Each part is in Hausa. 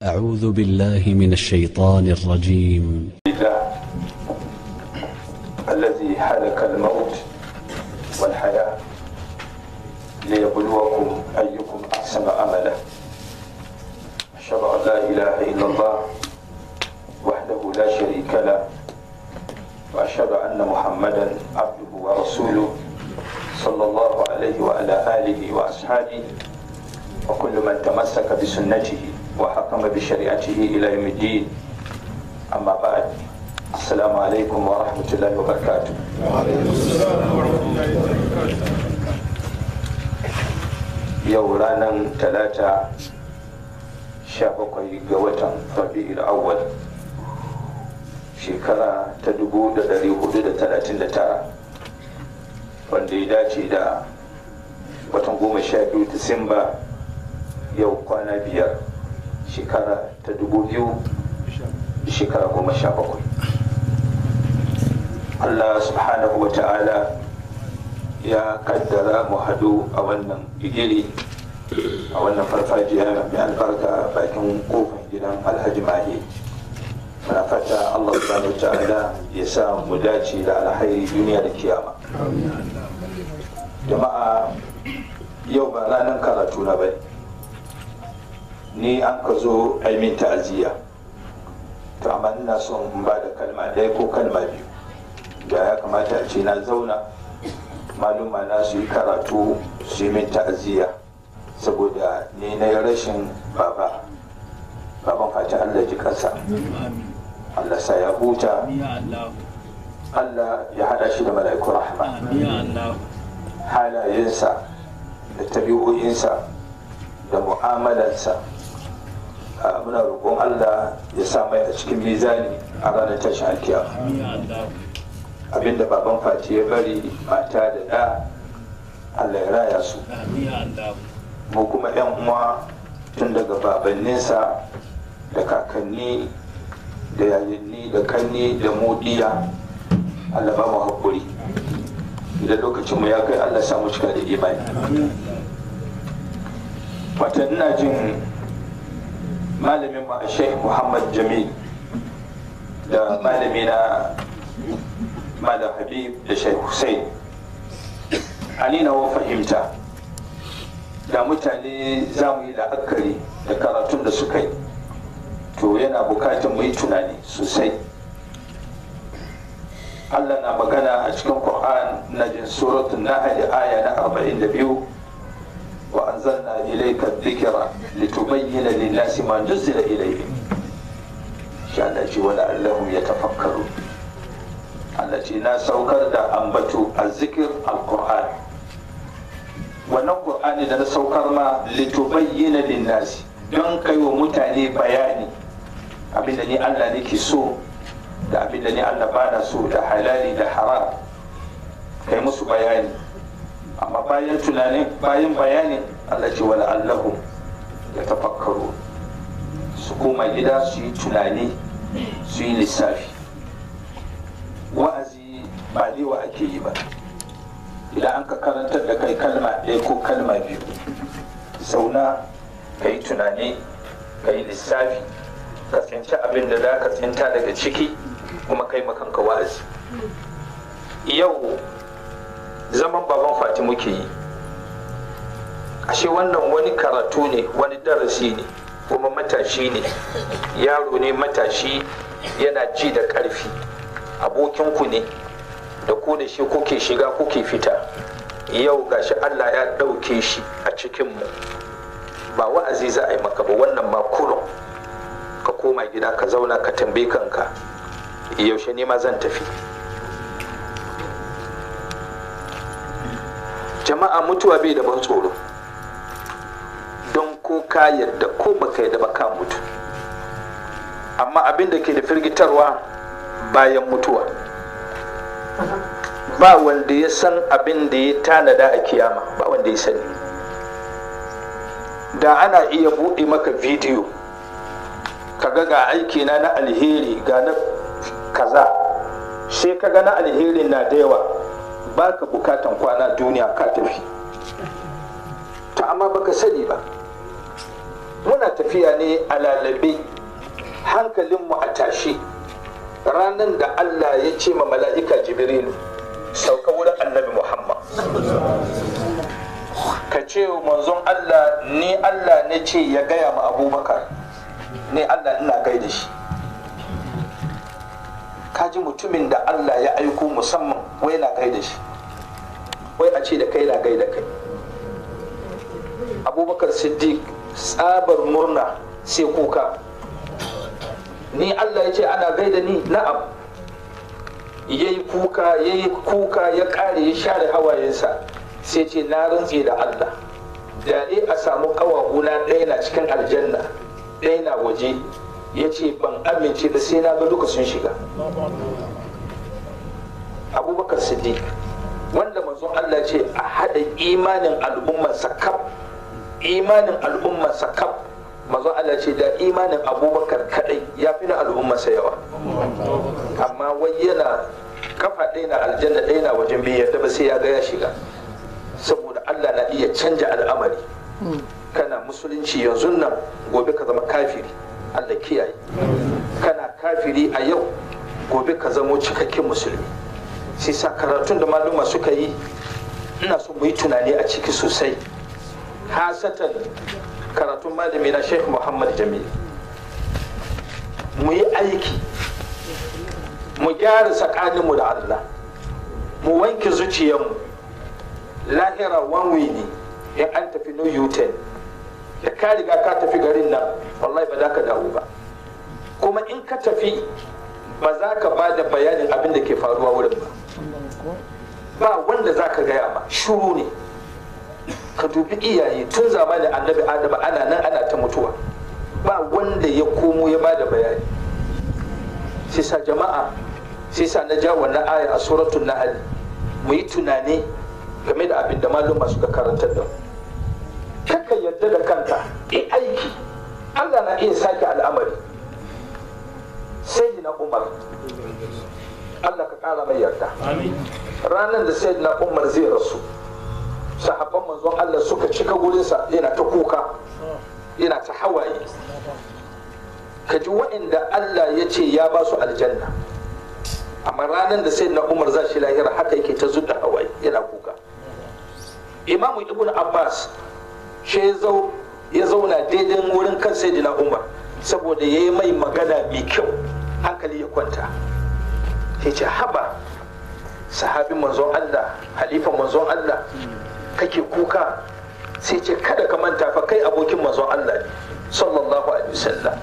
أعوذ بالله من الشيطان الرجيم الذي حلك الموت والحياة ليبلوكم أيكم أحسن أملا أشهد أن لا إله إلا الله وحده لا شريك له وأشهد أن محمدا عبده ورسوله صلى الله عليه وعلى آله وأصحابه وكل من تمسك بسنته وحكم بشريعته إلى يوم الدين أما بعد السلام عليكم ورحمة الله وبركاته وعليكم السلام ورحمة الله وبركاته yau ranar talata 17 ga watan rabi'ul awwal shekara ta 1439 wanda ya dace da watan 12 disamba yau kwana biyar shekara ta dubu biyu sha bakwai allah subhanahu wa ta'ala ya kaddara mu hadu a wannan igiri a wannan farfajiya mai albarka bakin kofin gidan alhaji mahi muna fata allah subhanahu wa ta'ala ya sa mu dace da alhairi duniya da kiyama jama'a yau ba ranar karatu na bai ni an ka zo ai min ta'aziyya to amma ina son in ba da kalma ɗaya ko kalma biyu da ya kamata a ce na zauna maluma na su yi karatu su yi min ta'aziyya saboda ni na yi rashin baba baban fata Allah ji kansa Allah sa ya huta Allah ya hada shi da mala'ikun rahma halayensa da tabi'o'insa da mu'amalansa Ah, muna roƙon Allah ya sa mai a cikin mizani a ranar tashin alkiya abinda baban fati ya bari mata da ɗa Allah ya raya su mu kuma yan uwa tun daga babanninsa da kakanni da yayinni da kanni da modiya Allah ba mu haƙuri idan lokacinmu ya kai Allah samu cika da imani Mata ina jin malamin ma Sheikh Muhammad Jamil da malamina Malam Habib da Sheikh Hussein ani na fahimta da mutane za mu yi la'akari da karatun da suka yi to yana bukatar mu yi tunani sosai Allah na magana a cikin Qur'an na jin suratun Nahl aya na 42 وأنزلنا إليك الذكر لتبين للناس ما نزل إليهم كان أجي ولعلهم يتفكرون التي ناس أوكرد أنبتوا الذكر القرآن ونقر أني دنس ما لتبين للناس ينقى ومتعني بياني أبين أني ألا نكسو أبين أني ألا بانسو دا حلالي دا حرام كي مسو بياني amma bayan tunanin bayan bayanin Allah ce wala allahum ya tafakkaru su koma gida su yi tunani su yi lissafi wa'azi ba wa ake yi ba idan an ka karantar da kai kalma ɗaya ko kalma biyu zauna ka yi tunani ka yi lissafi ka tsinci abin da za ka tsinta daga ciki kuma kai makanka wa'azi yau zaman baban fati muke yi ashe wannan wani karatu ne wani darasi ne kuma matashi ne yaro ne matashi yana ji da ƙarfi abokinku ne da ku da shi kuke shiga kuke fita yau gashi allah ya ɗauke shi a cikinmu ba wa'azi za a yi maka ba wannan ma ka koma gida ka zauna ka tambaye kanka yaushe ne ma zan tafi jama'a mutuwa bai da ban tsoro don ko ka yarda ko baka yarda ba ka mutu amma abin da ke da firgitarwa bayan mutuwa ba wanda ya san abin da ya tanada a kiyama ba wanda ya sani da ana iya buɗe maka bidiyo kaga ga aiki na na alheri ga na kaza sai kaga na alherin na da yawa ba ka bukatan kwana duniya ka tafi ta amma baka sani ba muna tafiya ne a lalabe hankalinmu a tashe ranar da allah ya ce ma mala'ika jibrilu sauka wurin annabi muhammad ka ce manzon allah ni allah ne ce ya gaya ma abubakar ne allah ina gaida shi ji mutumin da Allah ya aiko musamman wai na da shi wai a ce da kai na da kai abubakar siddiq tsabar murna sai kuka ni Allah ya ce ana gaida ni na'am ya yi kuka ya yi kuka ya kare ya share hawayensa sai ce na rantse da Allah da a samu na ɗaya na cikin aljanna ɗaya na waje ya ce ban amince da sai na ga duka sun shiga abubakar siddiq wanda manzo Allah ce a haɗa imanin al'ummar sakab imanin al'ummar sakab manzo Allah ce da imanin abubakar kadai ya fi na al'ummar sa yawa amma wai yana kafa ɗaya na aljanna ɗaya na wajen biyar da ba sai ya ga ya shiga saboda Allah na iya canja al'amari kana musulunci yanzu nan gobe ka zama kafiri Allah kiyaye kana kafiri a yau gobe ka zamo cikakken musulmi sai sa karatun da maluma suka yi ina so mu yi tunani a ciki sosai hasatan karatun malami na sheikh muhammad jamil mu yi aiki mu gyara tsakaninmu da allah mu wanke zuciyarmu lahira wanwini ne in an tafi no u da ka riga ka tafi garin nan wallahi ba za ka dawo ba kuma in ka tafi ba za ka ba da bayanin abin da ke faruwa wurin ba ba wanda za ka gaya ba shuru ne ka dubi iyaye tun zamani annabi adama ana nan ana ta mutuwa ba wanda ya komo ya ba da bayani sai sa jama'a sai sa na ja wannan aya a suratul nahl mu yi tunani game da abin da ma suka karantar da mu kaka yadda da kanta, in aiki allah na iya sake al'amari sai na umar allah ka kara mai yarda ranar da sai na umar zai rasu sahabban manzon allah suka cika gurinsa yana ta kuka yana ta hawaye ka ji waɗanda allah ya ce ya ba su aljanna amma ranar da sai na umar za shi lahira haka yake ta zuɗa hawaye yana kuka imamu ibn abbas she ya zauna daidai wurin kan sai umar saboda ya yi mai magana mai kyau hankali ya kwanta ya ce haba sahabin manzon allah halifa manzon allah kake kuka sai ce kada ka manta fa kai abokin manzon allah ne sallallahu alaihi wasallam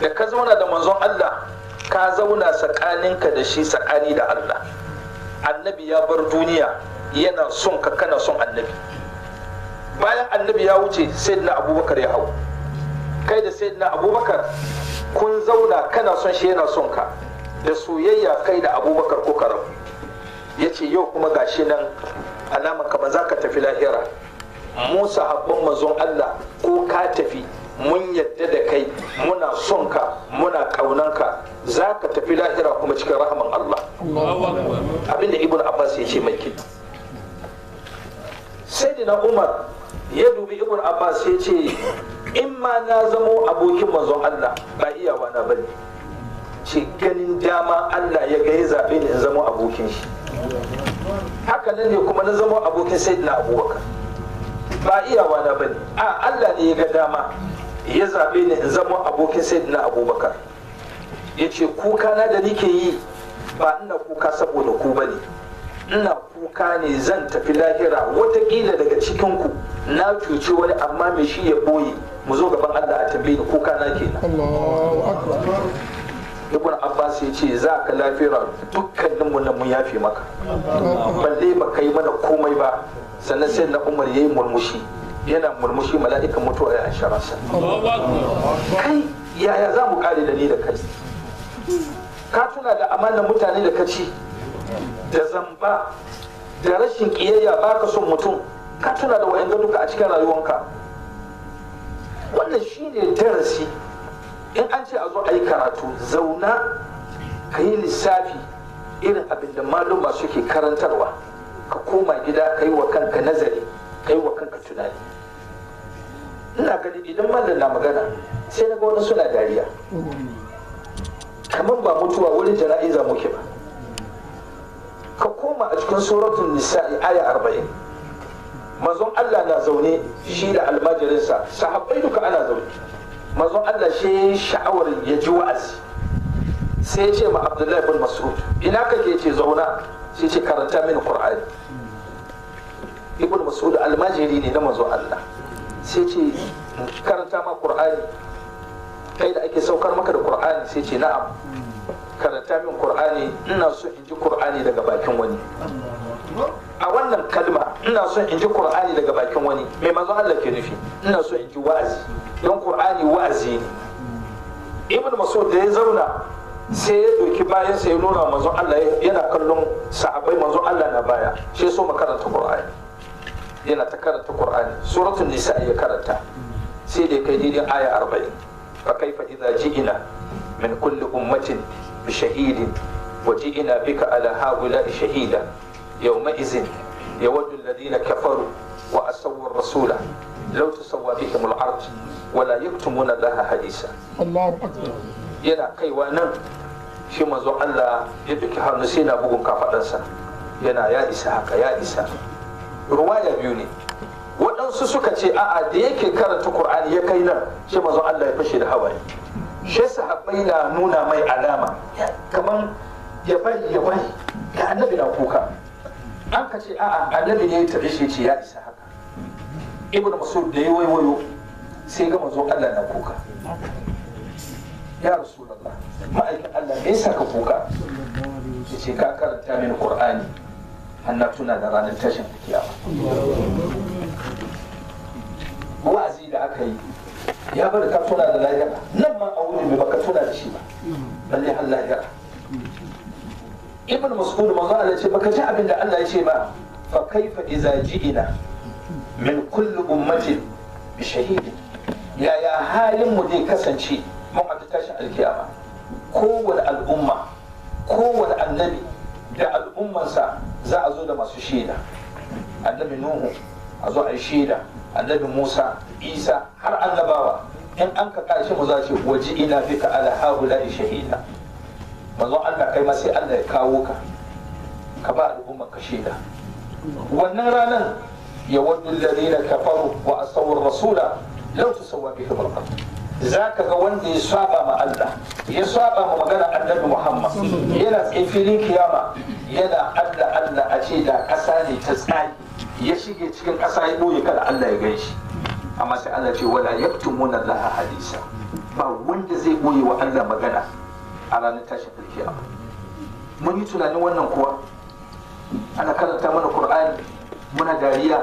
da ka zauna da manzon allah ka zauna tsakaninka da shi tsakani da allah annabi ya bar duniya yana son ka kana son annabi bayan annabi ya wuce saidina abubakar ya hau kai da saidina abubakar kun zauna kana son shi yana son ka da soyayya kai da abubakar ko karam ya ce yau kuma gashi nan alaman kamar za ka tafi lahira musa habban manzon allah ko ka tafi mun yadda da kai muna son ka muna kaunan ka, za ka tafi lahira kuma cikin rahaman allah abinda ibn abbas ya ce mai sai umar ya dubi ibn abbas ya ce in ma na zamo abokin mazon allah ba iyawa na bane ce ganin dama allah ya ga ya zaɓe ni in zamo abokin shi haka nan ne kuma na zamo abokin na abubakar ba iyawa na bane a allah ne ya ga dama ya zaɓe ni in zamo abokin na abubakar ya ce kuka na da nike yi ba ina kuka saboda ku bane ina kuka ne zan tafi lahira watakila daga cikinku na cuci wani amma mai shi ya boye mu zo gaban Allah a tambaye kuka na kenan ibn abbas ya ce za ka lafira dukkanin mu mun yafe maka balle ba kai mana komai ba sannan sai na umar yayi murmushi yana murmushi mala'ikan mutuwa ya sharasa kai yaya za mu kare da ni da kai ka tuna da amanar mutane da ka ci da zamba da rashin ba ka son mutum ka tuna da wa'in duka a cikin rayuwanka wannan shi ne darasi in an ce a zo a yi karatu zauna ka yi lissafi irin abin da maluma suke karantarwa ka koma gida ka yi wa kanka nazari ka yi wa kanka tunani ina gani idan mallan na magana sai na ga wani suna dariya kamar ba mutuwa wurin jana'iza muke ba cikin suratul nisa'i aya arba'in manzon Allah na zaune shi da almajirinsa sahabbai duka ana zaune manzon Allah shi ya yi sha'awar ya ji wa'azi sai ya ce ma Abdullahi bin Mas'ud ina kake ce zauna sai ce karanta min Qur'ani Ibn Mas'ud almajiri ne na manzon Allah sai ce karanta ma Qur'ani kai da ake saukar maka da Qur'ani sai ce na'am karanta min qur'ani ina so in ji qur'ani daga bakin wani a wannan kalma ina so in ji qur'ani daga bakin wani mai manzo Allah ke nufi ina so in ji wa'azi don qur'ani wa'azi ne ibn mas'ud da ya zauna sai ya doki bayan sai ya nuna manzo Allah yana kallon sahabbai manzo Allah na baya sai so makaranta qur'ani yana ta karanta qur'ani suratul nisa ya karanta sai da kai daidai aya 40 fa kaifa idza ji'ina min kulli ummatin بشهيد وجئنا بك على هؤلاء شهيدا يومئذ يود الذين كفروا وأسوا الرسول لو تسوى بهم الأرض ولا يكتمون الله حديثا الله أكبر yana kaiwa nan shi manzo Allah ya duki hannu sai na bugun kafaɗansa yana ya isa haka ya isa ruwaya biyu ne waɗansu suka ce a'a da yake karanta Qur'ani ya kai nan shi mazo Allah ya fashe da hawaye shi sahabbai na nuna mai alama kamar ya bari ya bari ga annabi na kuka an ka ce a'a annabi ne ya tafi shi ce ya isa haka ibn masud da ya waiwayo sai gama manzo Allah na kuka ya rasulullah ma'aikin Allah me yasa kuka ya ce ka karanta min qur'ani hannu tuna da ranar tashin kiyama wa'azi da aka yi ya bari ka tuna da lahira nan ma a wurin ba ka tuna da shi ba balle har lahira ibn mas'ud manzo Allah ce baka ji abin da Allah ya ce ba fa kaifa idza ji'ina min kulli ummatin bi shahidin yaya halin mu zai kasance mun a tashin alkiyama kowane al'umma kowane annabi da al'ummansa za a zo da masu shaida annabi nuhu a zo a yi shaida annabi musa isa har annabawa in an ka kashi mu za shi waje ina fi ka ala haula shahida manzon allah kai ma sai allah ya kawo ka ka ba al'umma ka shaida wannan ranar ya waddu alladhina kafaru wa asawar rasula law tusawwa bihim al-ard za ka ga wanda ya saba ma Allah ya saba ma magana annabi Muhammad yana filin kiyama yana Allah Allah a ce da ƙasa ne ta tsari ya shige cikin ƙasa ya ɓoye kada Allah ya gan shi amma sai Allah ce wala yaktumuna Allah hadisa ba wanda zai ɓoye wa Allah magana a ranar tashin alkiyama mun yi tunanin wannan kuwa ana karanta mana Qur'ani muna dariya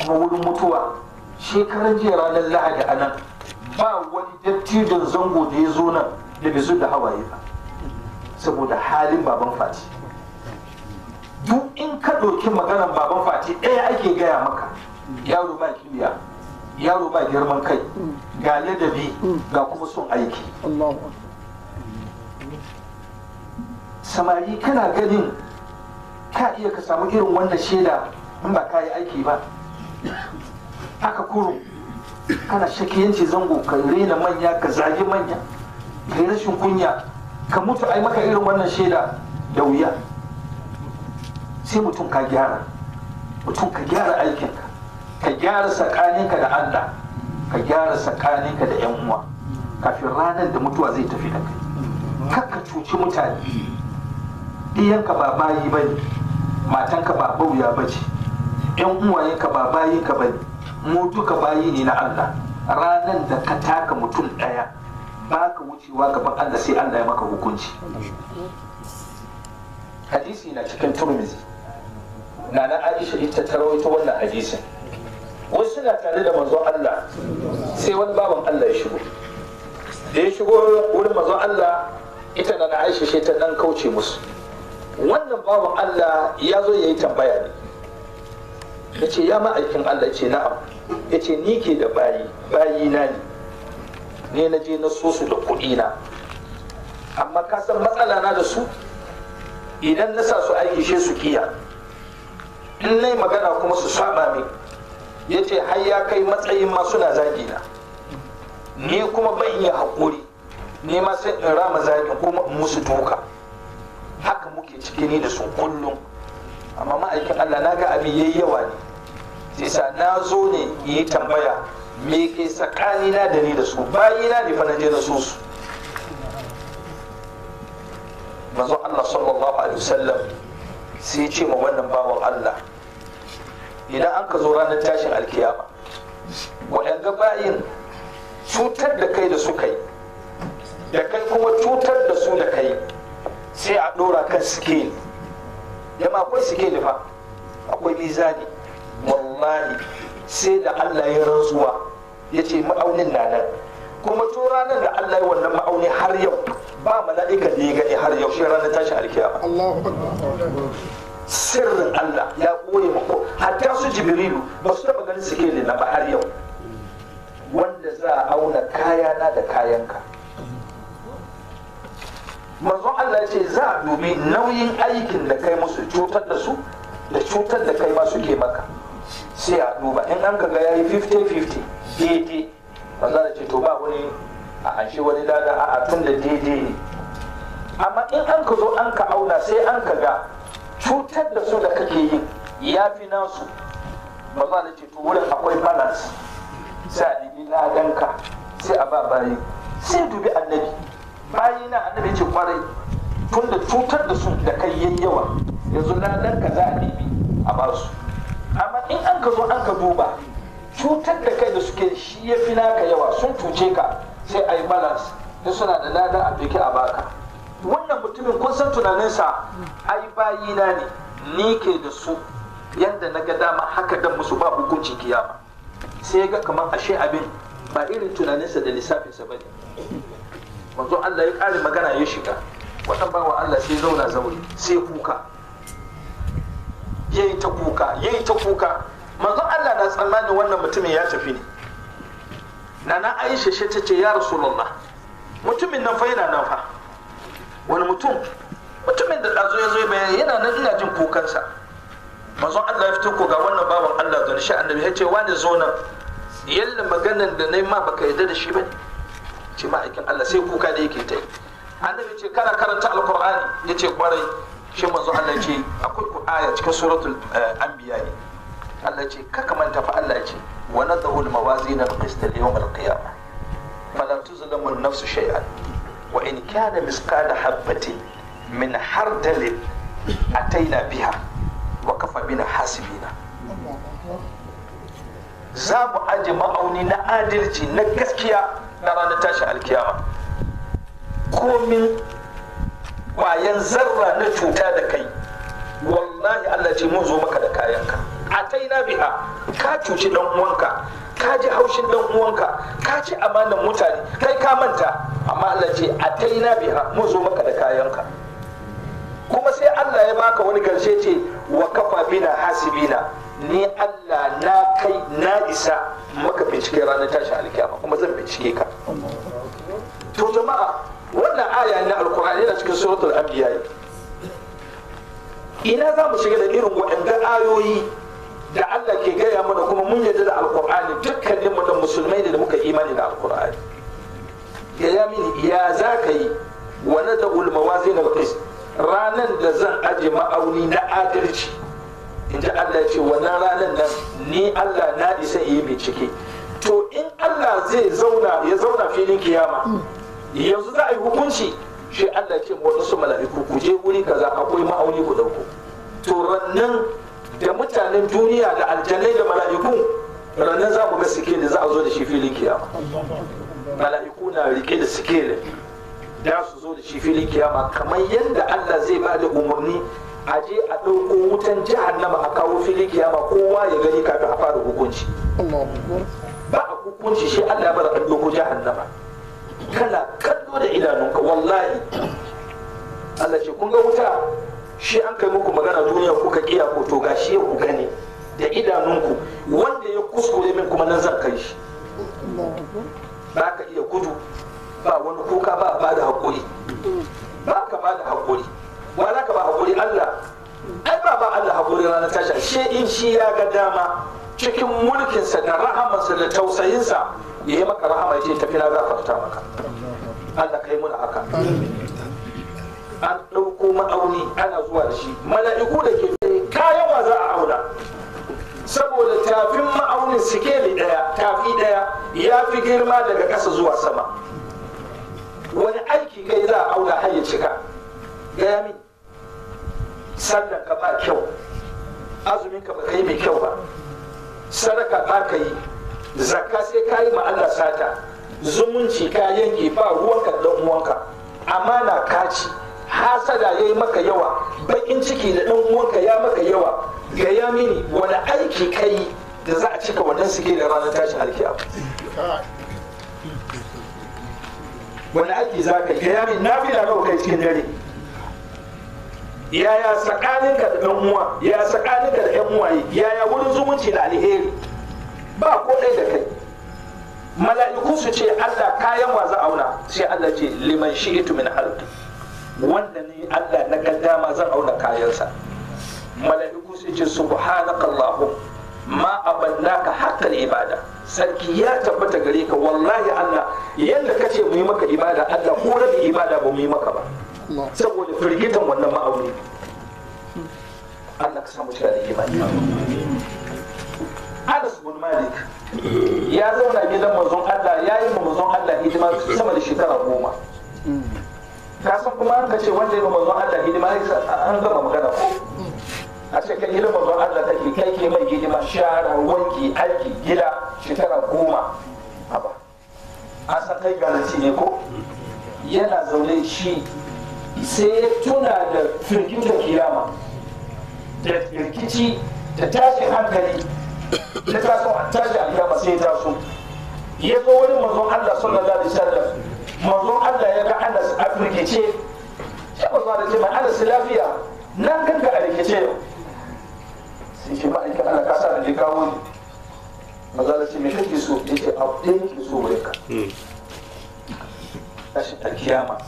kuma wurin mutuwa shekaran jiya ranar Lahadi a nan ba wani dattijan zango da ya zo nan da bai zo da hawaye ba saboda halin baban Fati duk in ka ɗauki maganar baban fati ɗaya ake gaya maka yaro ba kiliya yaro ba girman kai ga ladabi ga kuma son aiki samari kana ganin ka iya ka samu irin wannan shaida in ba ka yi aiki ba haka kuro kana shakiyanci zango ka rena manya ka zagi manya ka yi rashin kunya ka mutu ai maka irin wannan shaida da wuya sai mutum ka gyara mutum ka gyara aikinka ka gyara tsakaninka da Allah ka gyara tsakaninka da yan uwa kafin ranar da mutuwa zai tafi da kai kar ka cuci mutane ɗiyanka ba bayi bane matanka ba bauya bace yan uwayenka ba bayinka bane mu duka bayi ne na Allah ranar da ka taka mutum ɗaya ba ka wucewa gaban Allah sai Allah ya maka hukunci hadisi na cikin turmizi nana aisha ita ta rawaito wannan hadisin wasu suna tare da manzon Allah sai wani baban Allah ya shigo da ya shigo wurin manzon Allah ita na aisha shi ta dan kauce musu wannan babban Allah ya zo ya yi tambaya ne ya ce ya ma'aikin Allah ce na'am ya ce ni ke da bayi bayi na ne ne na je na so su da kuɗi na amma ka san matsala na da su idan na sa su aiki she su kiya in nai magana kuma su saba min ya ce har ya kai matsayin masu na zagi na ni kuma ban iya haƙuri ni ma sai in rama zagi ko musu doka haka muke ciki ni da su kullum amma ma'aikin Allah na ga abin yayi yawa ne sai na zo ne yi tambaya me ke tsakani na da ni da su bayi na ne fana je da su su manzon Allah sallallahu alaihi wasallam sai ce ma wannan bawan Allah idan an ka zo ranar tashin alkiyama waɗanda bayin cutar da kai da su kai da kai kuma cutar da su da kai sai a ɗora kan sikeli ma akwai sikeli fa akwai mizani wallahi sai da allah ya rantsuwa ya ce ma'aunin na nan kuma to ranar da allah ya wannan ma'auni har yau ba mala'ikan da ya gani har yau shi ranar tashin alkiyama sirrin Allah ya ɓoye mako ko hatta su jibrilu ba su taɓa ganin suke ne na ba har yau wanda za a auna kayana da kayanka mazan Allah ce za a dubi nauyin aikin da kai musu cutar da su da cutar da kai masu ke maka sai a duba in an ga yayi 50-50 daidai manzon Allah ce to ba wani a anshe wani lada a tun da daidai ne amma in an ka zo an ka auna sai an ka ga cutar da su da kake yi ya fi nasu ba za da ce to wurin akwai balance sai a ɗibi ladanka sai a ba bayi sai dubi annabi bayi na annabi ce kwarai tun da cutar da su da kai yayi yawa yanzu ladanka za a ɗibi a ba su amma in an ka zo an ka duba cutar da kai da suke shi ya fi naka yawa sun cuce ka sai a yi balance da suna da ladan a biki a baka wannan mutumin kun san tunaninsa ai bayina ne ni ke da su yadda na ga dama haka dan musu ba hukunci kiyama sai ga kamar ashe abin ba irin tunaninsa da lissafinsa ba ne manzo Allah ya ƙare magana ya shiga wannan bawa Allah sai zauna zauri sai kuka yayi ta kuka yayi ta kuka manzo Allah na tsammanin wannan mutumin ya tafi ne nana Aisha ce ta ce ya Rasulullah mutumin nan fa yana nan fa wani mutum mutumin da ɗazu ya zo bayan yana nan ina jin kukansa manzon Allah ya fito ko ga wannan baban Allah zan shi annabi ya ce wani zo nan yalla maganan da nayi ma baka yarda da shi bane ce ma'aikin Allah sai kuka da yake ta yi annabi ce kana karanta ya ce kwarai shi manzo Allah ya ce akwai aya cikin suratul eh, anbiya Allah ce kaka manta fa Allah ce Wani nadahu al-mawazin al-qist li yawm al nafsu shay'an wa in miska da habbatin min a taina biya wa kafa bina hasibina za mu aje ma'auni na adalci na gaskiya na ranar tashi alkiyama komin kwayan zarra na cuta da kai wallahi Allah ce mun zo maka da kayanka taina biya ka cuci ɗan uwanka ka ji haushin dan uwanka ka ci amanan mutane kai ka manta amma Allah ce a taina biha mu zo maka da kayanka kuma sai Allah ya baka wani karshe ce wa kafa bina hasibina ni Allah na kai na isa maka bincike ranar tashi alkiyama kuma zan bincike ka to jama'a wannan aya na alkur'ani yana cikin suratul anbiya ina za mu shiga da irin waɗanda ayoyi da Allah ke gaya mana kuma mun yarda da alkur'ani dukkanin mu da musulmai ne da muka imani da alkur'ani gaya mini ya za ka yi wa da ulmawazi na qis ranar da zan aje ma'auni na adalci in ji Allah ce wannan ranar nan ni Allah na isa yi bincike to in Allah zai zauna ya zauna filin kiyama yanzu za a yi hukunci shi Allah ce wasu mala'iku ku je wuri kaza akwai ma'auni ku dauko to rannan da mutanen duniya da aljanai da mala'iku ranar za mu ga sikeli za a zo da shi filin kiyama mala'iku na rike da sikeli da su zo da shi filin kiyama kamar yadda Allah zai ba da umarni a je a ɗauko wutan jahannama a kawo filin kiyama kowa ya gani kafin a fara hukunci ba a hukunci shi Allah ba bar an ɗauko jahannama kana kallo da idanunka wallahi Allah ce kun ga wuta shi an kai muku magana duniya kuka kiya ko to gashi ya ku gane da idanunku wanda ya kuskure min kuma nan zan kai shi ba iya gudu ba wani kuka ba ba da hakuri. ba ba da hakuri wa za ka ba hakuri Allah ai ba ba Allah haƙuri ranar tasha she in shi ya ga dama cikin mulkinsa da rahamarsa da tausayinsa ya yi maka rahama ya ce tafi na fita maka Allah ka yi muna haka an ɗauko ma'auni ana zuwa da shi mala'iku da ke tsaye kayan za a auna saboda tafin ma'aunin sikeli ɗaya tafi ɗaya ya fi girma daga ƙasa zuwa sama wani aiki kai za a auna har ya cika gaya min sannan ka ba kyau azumin ka ba kai mai kyau ba sadaka ba ka yi zakka sai ka yi Allah sata zumunci ka yanke ba ruwanka dan uwanka amana kaci hasada ya yi maka yawa bakin ciki da ɗan uwanka ya maka yawa ga ya mini wani aiki kai da za a cika wannan suke da ranar tashin alkiya wani aiki za ka ga ya mini na fi nawa kai cikin dare yaya tsakaninka da ɗan uwa yaya tsakaninka da ɗan uwa yaya wurin zumunci da alheri ba ko ɗaya da kai mala'iku su ce Allah kayan wa za auna sai Allah ce liman shi'itu min halittu wanda ne Allah na ga dama zan auna kayansa mala'iku sai ce subhanakallahu ma abannaka haqqal ibada sarki ya tabbata gare ka wallahi Allah yadda kace mu yi maka ibada Allah ko da ibada ba mu yi maka ba saboda firgitan wannan ma'auni Allah ka samu shi da ibada Anas bin Malik ya zauna gidan manzon Allah ya yi manzon Allah hidima sama da shekara goma kasan kuma an ka ce wanda ya ba manzon Allah hidima an gama magana ko a ce kai hidimar manzon Allah ta ke kai ke mai hidima shara wanki aiki gida shekara goma a ba san kai garanti ne ko yana zaune shi sai tuna da firgitar kiyama da firgici da tashi hankali da taso alkiyama sai ya taso ya zo wani manzon Allah sallallahu alaihi wasallam manzon Allah ya ga Anas a firgice sai manzon da ce ma Anas lafiya nan ganka a rikice yau sai ce ma'aikin Allah ka sa da kawo ni manzon da ce me kake so ya yace a ɗaya ke so wurin ka hmm. tashi ta kiyama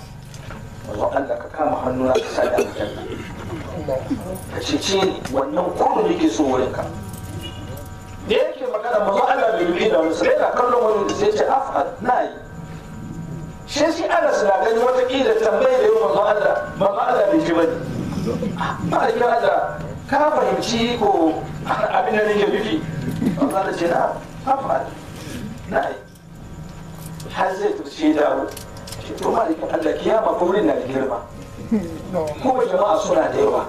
manzon Allah ka kama hannuna ka sa da aljanna ka ce ni wannan kudu ke so wurin ka da yake magana manzon Allah bai rubi da wani sai na kallon wani da sai ce afa na yi شيء أنا سلا كان وقت إذا تبين اليوم ما أدرى ما ما أدرى بالجبل ما أدرى ما أدرى كيف يمشيك أبينا اللي يجي الله لجنا ما فعل ناي حزت الشيدا وما لك أن لك يا مقولنا الكرمة هو جماعة سنة ديوة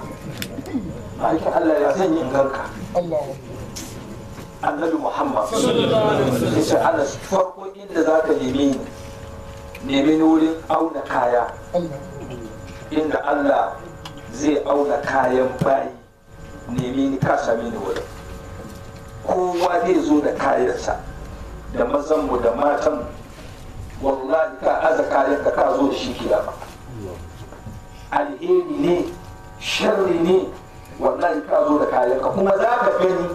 ما لك أن لا يزيني انقلك الله النبي محمد صلى الله عليه وسلم فرقوا إلا ذاك اليمين nemi wurin auna kaya inda Allah zai auna kayan bayi nemi ni ka same ni wurin kowa zai zo da kayansa da mazanmu da matan wallahi ka aza kayan ka ka zo da shi kiyama alheri ne sharri ne wallahi ka zo da kayan ka kuma za ka gani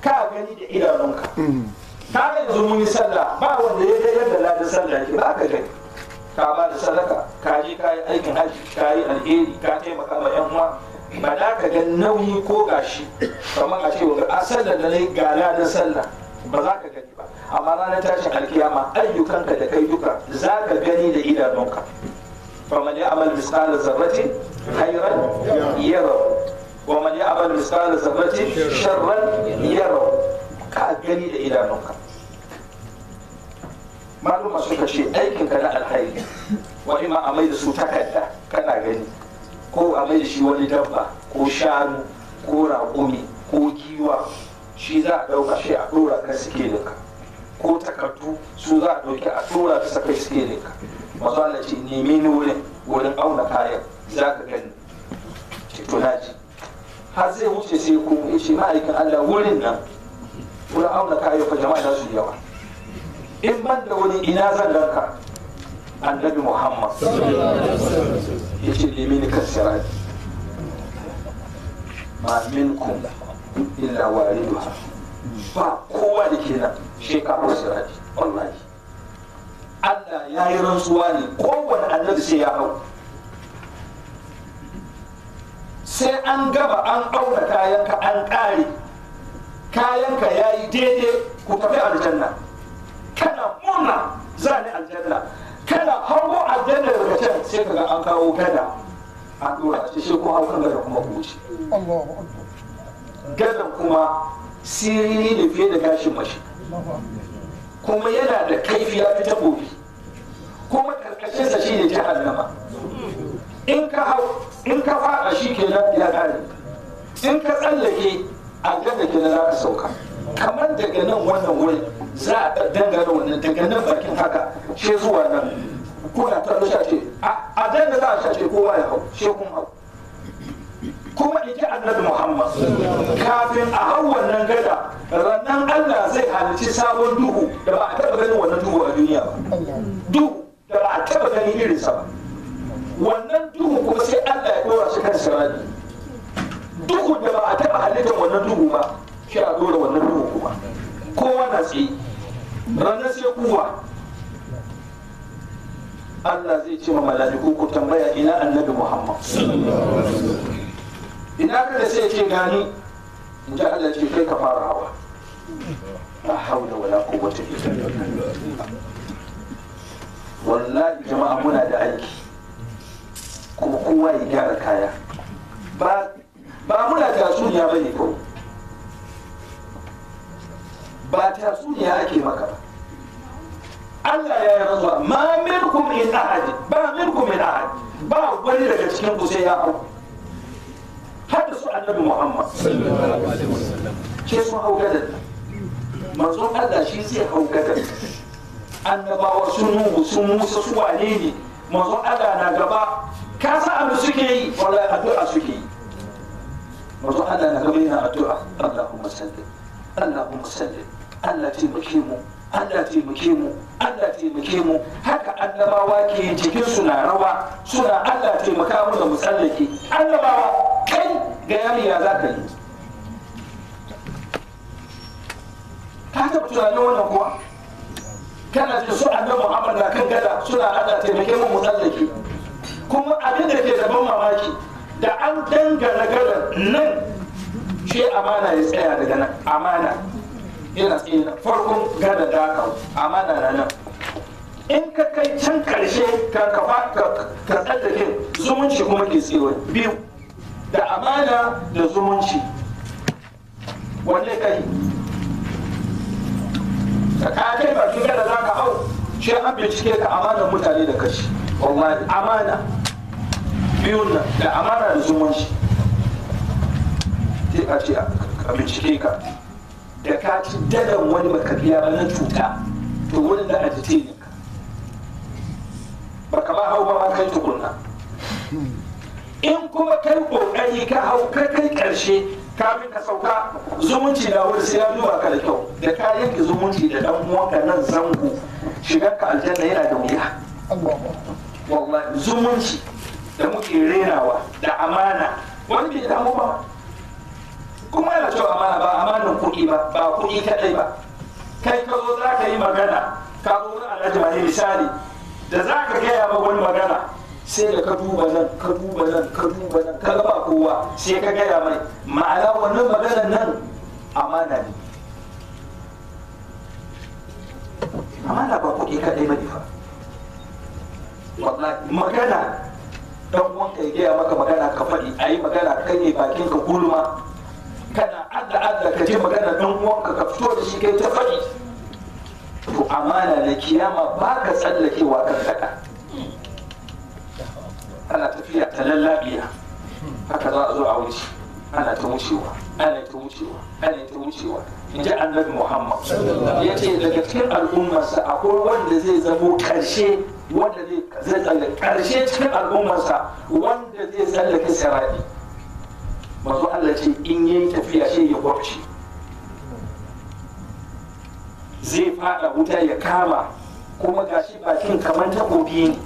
ka gani da idanunka mm. ka yanzu mun yi sallah ba wanda ya ga yadda ladan sallah ke ba ka gani ka ba da sadaka ka je ka yi aikin haji ka yi alheri ka taimaka ma yan uwa ba za ka ga nauyi ko gashi kamar a ce wa a sallar da yi gala na sallah ba za ka gani ba amma ranar tashin alkiyama ayyukanka da kai duka za ka gani da idanunka faman ya amal misal zarrati khairan yara wa man ya amal misal zarrati sharran yara ka gani da idanunka maluma suka ce aikin ka na alhairi wani ma a mai da su takarda kana gani ko a mai da shi wani dabba ko shanu ko raƙumi ko giwa shi za a ɗauka shi a ɗora suke ninka ko takardu su za a ɗauki a ɗora bisa suke ninka masu ala ce neme ni wurin wurin auna kayan za ka gani tunaji har zai wuce sai ku ya ce ma'aikin Allah wurin nan wurin auna kayan fa jama'a za su yawa in ban da wani ina zan ganka annabi muhammad ya ce limini kan sirai ma minkum illa wari ba kowa da ke nan shekaru sirari wallahi Allah ya yi rantsuwa ne kowane annabi sai ya hau sai an gaba an auna kayanka an ƙare kayanka ya yi daidai ku tafi aljanna kana muna za ni aljanna kana hango aljanna daga can sai kaga an kawo gada a dora shi shi ko haukan gada kuma huce gadan kuma siriri ne fiye da gashin mashi kuma yana da kaifi ya fi tabobi kuma karkashinsa shi ne jahannama in ka hau in ka fada shi ke nan ya kare in ka tsallake a ke nan za ka sauka kamar daga nan wannan wurin za a da wannan daga nan bakin haka shi zuwa nan kuna ta sha ce a danga za a sha ce kowa ya hau shi kuma hau kuma in ji annabi muhammad kafin a hau wannan gada rannan allah zai halici sabon duhu da ba a taba ganin wannan duhu a duniya ba duhu da ba a taba ganin sa ba wannan duhu kuma sai allah ya dora shi kan sirari duhu da ba a taba halittar wannan duhu ba shi a dora wannan duhu kuma kowa na tsaye ranar ce kuma Allah zai ce wa mala'iku ku tambaya ina annabi Muhammad ina ka da sai ce gani in ji Allah ce kai ka fara hawa hau haula wala ko wata Wala wallahi jama'a muna da aiki kuma kowa ya gyara kaya ba muna tasuniya bane kawai ba tatsuniya ake maka ba Allah ya yi rantsuwa ma minkum in ahad ba minkum in ahad ba wani daga cikin ku sai ya hau hadda su annabi Muhammad sallallahu alaihi wasallam ke sun hau gadan manzon Allah shi zai hau gadar annabawa sun nuhu sun musa su wane ne manzon Allah na gaba ka sa abu suke yi wallahi addu'a suke yi manzon Allah na gaba yana addu'a Allahumma sallim Allahumma sallim Allah taimake mu Allah taimake mu Allah taimake mu haka annabawa ke jikin suna rawa suna Allah taimaka mu da mu tsallake annabawa kai ga yariya za ka yi ka taɓa tunanin wannan kuwa kana ce su annabi Muhammad na kan gada suna Allah taimake mu mu tsallake kuma abin da ke da ban mamaki da an dangana gadan nan shi amana ya tsaya daga nan amana yana tsaye na farkon gada daka a na nan in ka kai can karshe ka kafa ka tsallake zumunci kuma ke tsewa biyu da amana da zumunci wanne kai ka kai bakin gada za ka hau shi an bincike ka amana mutane da kashi wallahi amana biyu nan da amana da zumunci ce a ce a bincike ka da ka ci dadan wani baka biya ba na cuta to wurin da a jite ka baka ba hau ba kai tukunna in kuma kai kokari ka hau ka kai karshe kamin ka sauka zumunci da wani sai ya duba ka da kyau da ka yanke zumunci da dan uwanka nan zango shigar ka aljanna yana da wuya wallahi zumunci da muke renawa da amana wani bai damu ba kuma yana cewa amana ba amanin kuɗi ba ba kuɗi kaɗai ba kai ka zo za ka yi magana ka zo wurin alhaji mahi misali da za ka gaya ma wani magana sai da ka duba nan ka duba nan ka duba nan ka ba kowa sai ka gaya mai ma'ana wannan magana nan amana ne amana ba kuɗi kaɗai ba ne fa magana dan uwanka ya gaya maka magana ka faɗi a yi magana kai ne bakin ka gulma kana Allah Allah ka ji magana dan uwanka ka fito da shi kai ta faɗi to amana na kiyama ba ka tsallakewa kan daɗa ana tafiya ta lallabiya haka za a zo a wuce ana ta wucewa ana ta wucewa ana ta wucewa in ji annabi muhammad ya ce daga cikin al'ummarsa akwai wanda zai zamo karshe wanda zai tsallake karshe cikin al'ummarsa wanda zai tsallake sarari mazo Allah ce in yi tafiya shi ya gwabce zai fada wuta ya kama kuma gashi bakin kamar takobi ne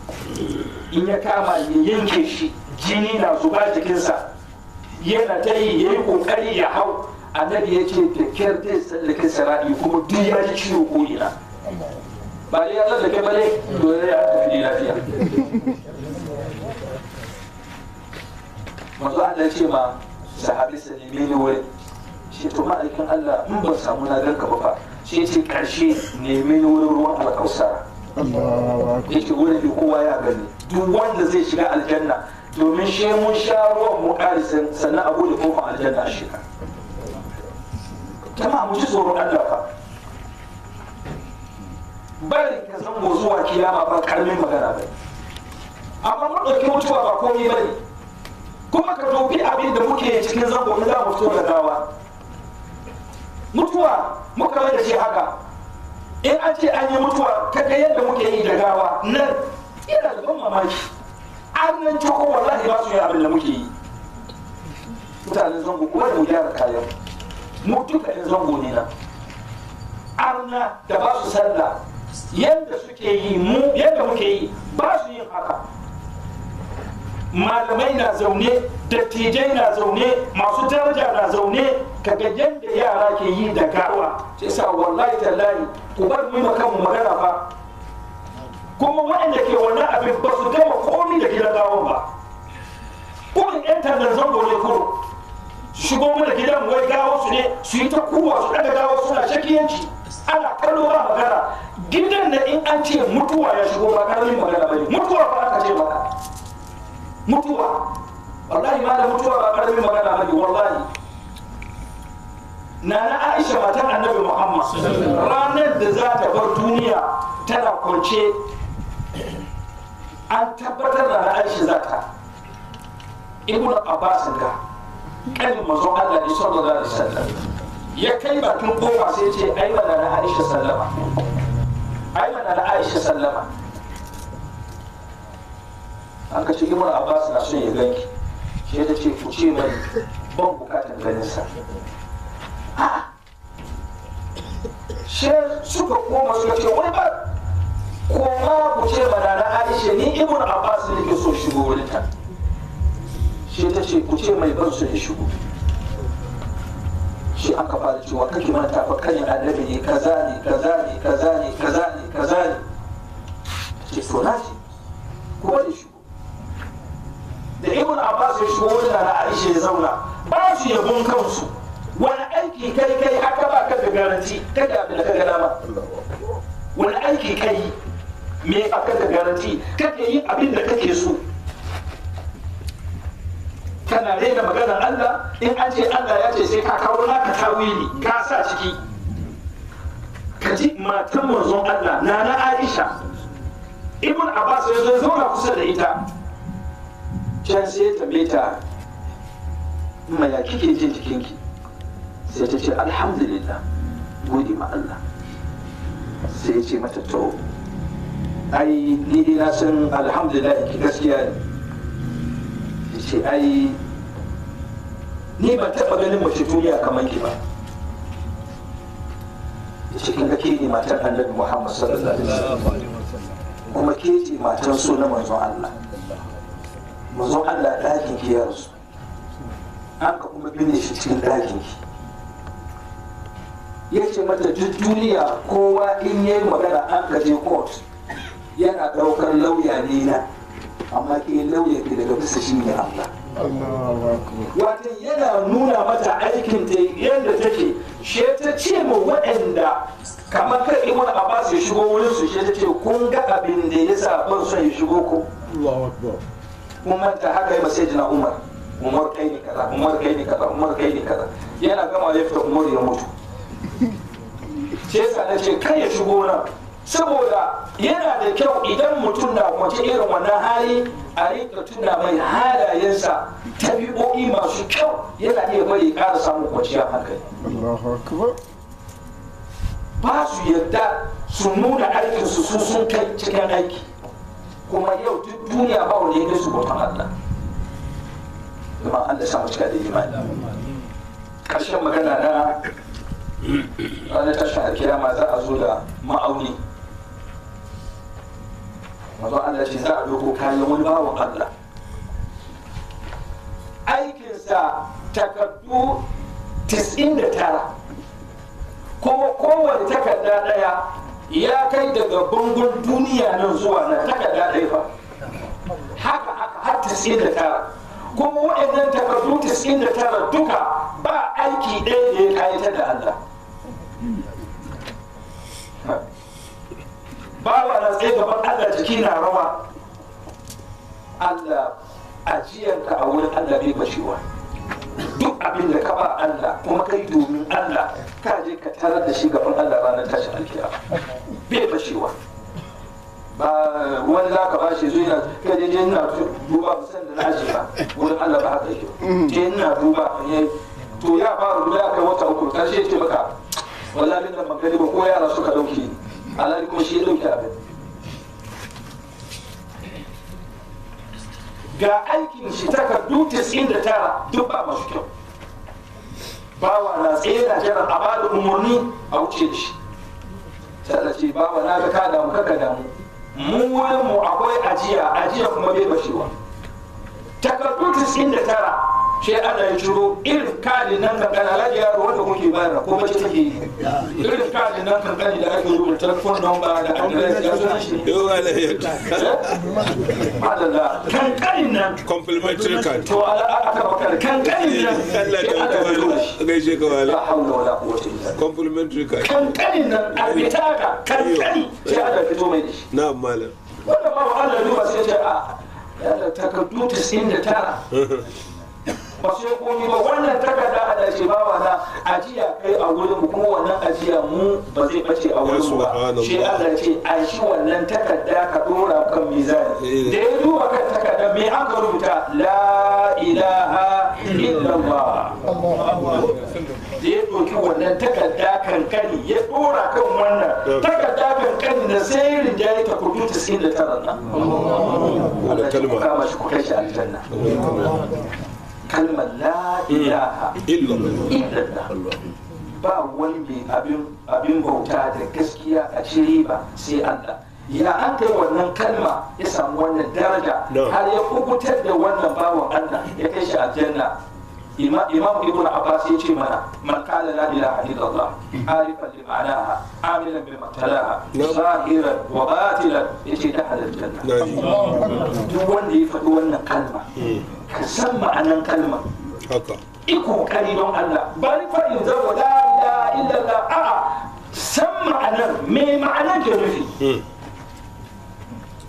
in ya kama ya yanke shi jini na zuba jikinsa yana ta yi ya yi kokari ya hau annabi ya ce da kyar zai tsallakin sarari kuma duk ya ji ciwo ko ina ba da ya tsallake ba ne to ya tafi lafiya manzo Allah ce ma sahabi salimi ne wuri shi to ma'aikin Allah in ban samu na ganka ba fa shi ce karshe neme ni wurin ruwan alkausara yake wurin da kowa ya gani duk wanda zai shiga aljanna domin shi mun sha ruwan mu karisin sannan abu da kofar aljanna ka jama'a mu ji tsoron Allah fa bari ka zango zuwa kiyama ba karamin magana ba amma mu dauki mutuwa ba komai bane kuma ka dubi abin da muke cikin zango in za mu fito da gawa mutuwa muka mai da shi haka in an ce an yi mutuwa ga yadda muke yi da gawa nan ina da ban mamaki an nan ciko wallahi ba su yi abin da muke yi mutanen zango kuma da mu gyara kayan mu duka yin zango ne na arna da ba su sallah yadda suke yi mu yadda muke yi ba su yin haka malamai na zaune dattijai na zaune masu daraja na zaune ga yadda yara ke yi da gawa sai sa wallahi tallahi ku bar mu kanmu magana ba kuma waɗanda ke wannan abin ba su gama komi da gidan gawan ba Kuma yan tandan zango ne kuro shigo mana gidan wai gawa su ne su yi ta kuwa su daga gawa suna shakiyanci ana kallo ba magana gidan na in an ce mutuwa ya shigo ba ƙarfin magana ba mutuwa ba aka ce ba mutuwa wallahi ma da mutuwa ba karamin magana ba ne wallahi Na na aisha matan annabi muhammad ranar da za ta bar duniya tana kwance an tabbatar da aisha za ta ibn abbas ga kan mazo Allah ne sallallahu alaihi wasallam ya kai bakin kowa sai ce ai ba da aisha sallama ai ba da aisha sallama an ka ce ibn abbas na son ya ganki shi ta ce ku ce mai ban bukatar ganin sa shi suka koma suka ce wani ba koma ku ce mana na aisha ni ibn abbas ne ke so shigo wurin ta shi ta ce ku ce mai ban su ya shigo shi aka fara cewa kake manta fa kanin annabi ne kaza ne kaza ne kaza ne kaza ne kaza ne ce to na ce ku bari shi da ibn abbas ya shigo wurin na aisha ya zauna ba su yabon kansu wani aiki kai kai aka ba ka da garanti kai da abin da ka gana ma wani aiki kai me aka ka da garanti kake yi abin da kake so kana rena maganar Allah in an ce Allah ya ce sai ka kawo naka tawili ka sa ciki ka ji matan manzon Allah na na Aisha ibn Abbas ya zo zauna kusa da ita can sai ta tambaye ta maya kike jin jikinki sai ta ce alhamdulillah gode ma Allah sai ya ce mata to ai ni dai na san alhamdulillah ki gaskiya ne ya ce ai ni ban taba ganin mace duniya kamar ki ba ya ce kin ga ke ne matan annabi Muhammad sallallahu alaihi wasallam kuma ke ce matan sunan manzon Allah mazo Allah ɗakin ki ya rasu an kuma binne shi cikin ɗakin ki ya ce mata duk duniya kowa in ya yi magana an ka je court yana ɗaukar lauya ne na amma ke lauya ke daga bisa shi ne Allah wata yana nuna mata aikin ta yadda take she ta ce ma waɗanda kamar kai ibn abbas ya shigo wurin su she ta ce kun ga abin da yasa ban son ya shigo ku kuma manta haka yi masai jina umar umar kai ne kaza umar kai ne kaza umar kai ne kaza yana gama ya fita umar ya mutu sai yasa ce kai ya shigo nan saboda yana da kyau idan mutum na kwance irin wannan hali a rika tuna mai halayensa tabi'o'i masu kyau yana iya bari kara samun kwanciyar hankali ba su yadda su nuna aikinsu su sun kai cikin aiki kuma yau duk duniya ba wani ya kai su bautan Allah kuma Allah samu cika da imani ƙarshen magana na ranar tashin alkiyama za a zo da ma'auni mazo Allah ce za a doko kayan wani bawan Allah aikinsa takardu 99 kuma kowane takarda ɗaya ya kai daga bangon duniya nan zuwa nan takarda ɗaya fa haka har tasirin da tara kuma waɗannan takardu tasirin da tara duka ba aiki ɗaya da ya ta da Allah ba wa na gaban Allah jiki na rawa Allah ajiyarka a wurin Allah bai bashewa duk abin da ka ba Allah kuma kai domin Allah ka je ka tarar da shi gaban Allah ranar tashin alkiyama bai fashewa ba wani za ka bashi zo yana ka je yana duba musan da na aji ba wurin Allah ba haka yake mm-hmm. je yana duba eh, to ya fara duba ya kai wata uku karshe ya ce maka wallahi nan magani ba ko yara suka dauke alhali kuma shi ya dauke abin ga aikin shi takardu 99 duk ba masu kyau bawa na tsaye na jiran a bada umarni a wuce da shi sai ce bawa na ga ka damu kaka damu mu wurin mu akwai ajiya ajiya kuma bai bashewa takardu tara. shi ana ya ciro irin nan kankana yaro wanda kuke ko mace take irin kadi nan kankani da ake rubuta telefon da ya zo shi yau ala eh? madalla kankanin nan complimentary card to ala aka baka kankanin nan Allah da wata wala gaishe ka wala hawla wala quwwata illa complimentary card kankanin nan a bitaka kankani sai aka fito mai shi na'am malam wannan ma Allah duba sai a ah, takardu 99 ba sai komi ba wannan takarda Allah ce ba wa na ajiya kai a wurin mu kuma wannan ajiya mu ba zai bace a wurin mu ba shi Allah ce a shi wannan takarda ka dora kan mizani eh. da ya duba kan takarda me an ka rubuta la ilaha illallah da ya ɗauki wannan takarda kankani ya ɗora kan wannan eh. takarda kankani na sai rinjaye ta kudu ta sin da tara Allah kalma. Kama shi kuka shi aljanna. kalmar la ilaha illallah ba wani abin bauta da gaskiya a ciri ba sai Allah ya an kai wannan kalma ya samu wannan daraja har ya kubutar da wannan bawan Allah ya kai shi aljanna imam ibn abbas ya ce mana man kala la ilaha illallah arifan li ma'anaha amilan bi matalaha zahiran wa batilan yace da halal janna duk wanda ya faɗi wannan kalma hmm. ka san ma'anan kalma i kokari don Allah ba ni fa in zawo la ilaha illallah a'a san ma'anar me ma'anar ke nufi hmm.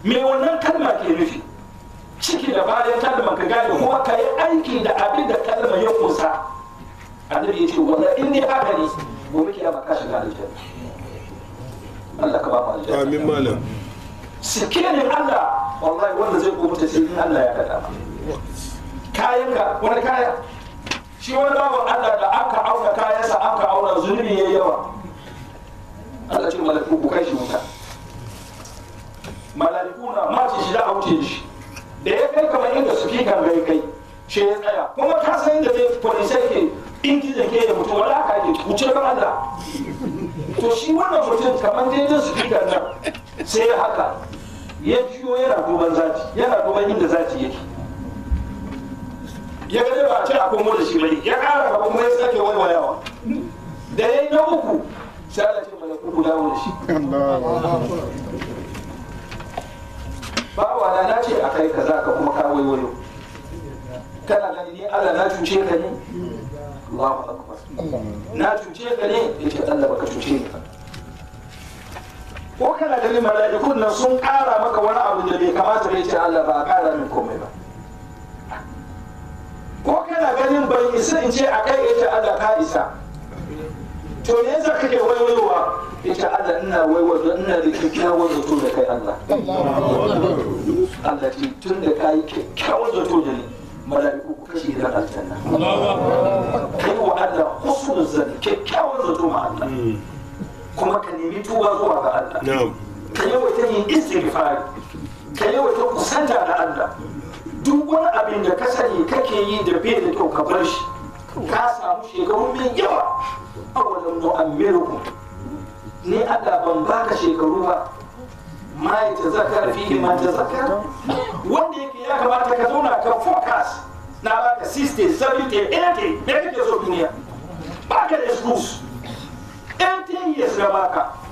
me wannan kalma ke nufi ciki da bayan kalma ka gane kuma ka yi aiki da abin da kalma ya kusa annabi ya ce wanda in ni haka ne gobe kiyama ka shiga aljanna Allah ka ba mu aljanna amin malam sikinin Allah wallahi wanda zai kubuta sai Allah ya kada kayanka wani kaya shi wani babu Allah da aka auna kayansa aka auna zunubi ya yawa Allah ce mala'iku ku kai shi wuta mala'iku na mace shi da wuce shi da ya kai kamar inda suke kan gai kai shi ya tsaya kuma ka san inda zai polisa ke in ki zake da mutum wala ka yi wuce ba Allah to shi wannan mutum kamar da suke kan nan sai haka ya jiyo yana duban zati yana duban inda zati yake ya ga ba ce a komo da shi bane ya ƙara ba kuma ya sake waiwayawa da ya yi na uku sai Allah ce malaku ku dawo da shi wa da na ce a kai ka za ka kuma ka waiwayo kana gani ne Allah na cuce ka ne na cuce ka ne ce Allah baka cuce ni ko kana ganin mala'ikun nan sun ƙara maka wani abu da bai kamata bai ce Allah ba a ƙara min komai ba ko kana ganin ban isa in ce a kai ita Allah ka isa to za ka kake waiwaiwa ita Allah ina waiwaiwa ina da kyakkyawan zato da kai Allah Allah ce tun da kai kyakkyawan zato da ni mala'iku ku kashe da aljanna kai wa Allah husnul zan kyakkyawan zato ma Allah kuma ka nemi tuba zuwa ga Allah ka yi wata yin istighfar ka yi wata kusanta da Allah duk wani abin da ka sani kake yi da bai da kyau ka bar shi ka samu shekaru mai yawa wajen mu'ammirukum ne Allah ban baka shekaru ba ta ya tazakar fihi ta tazakar wanda yake ya kamata ka zauna ka focus na baka 60 70 80 da kake so duniya baka da excuse 80 years da baka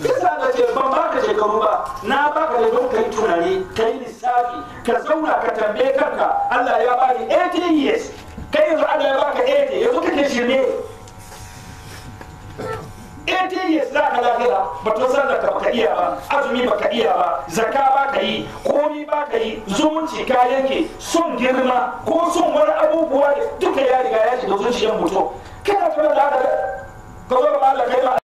yasa na ce ban ba ka shekaru ba na ba ka da don kai tunani ka yi lissafi ka zauna ka tambaye kanka Allah ya bani 80 years kai yanzu Allah ya ba baka 80 yanzu ke shirme 18 years za ka lahira ba to sallar ka baka iya ba azumi ba ka iya ba zaka ba ka yi komi ba ka yi zumunci ka yanke son girma ko son wani abubuwa duka ya riga ya shiga zuciyar mutum kana tana da ka zo ba Allah kai